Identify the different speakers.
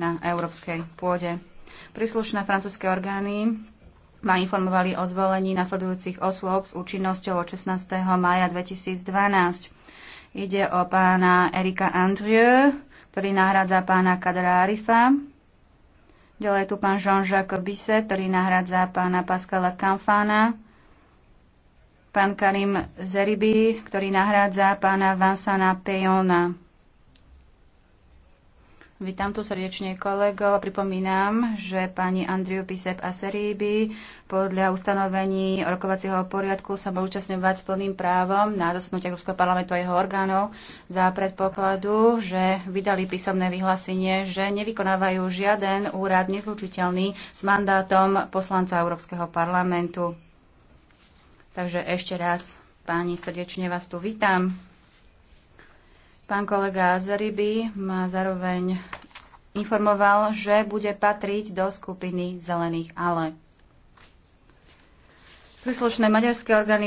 Speaker 1: na európskej pôde. Príslušné francúzske orgány ma informovali o zvolení nasledujúcich osôb s účinnosťou od 16. maja 2012. Ide o pána Erika Andrieu, ktorý nahradza pána Kadra Arifa. Ďalej je tu pán Jean-Jacques Bisset, ktorý nahradza pána Pascala Kamfana. Pán Karim Zeribi, ktorý nahradza pána Vansana Pejona. Vítam tu srdečne kolegov. Pripomínam, že pani Andriu Pisep a Seríby podľa ustanovení rokovacieho poriadku sa bol účastňovať s plným právom na zasadnutiach Európskeho parlamentu a jeho orgánov za predpokladu, že vydali písomné vyhlásenie, že nevykonávajú žiaden úrad nezlučiteľný s mandátom poslanca Európskeho parlamentu. Takže ešte raz, páni, srdečne vás tu vítam. Pán kolega Azariby ma zároveň informoval, že bude patriť do skupiny zelených ale.
Speaker 2: Príslušné maďarské orgány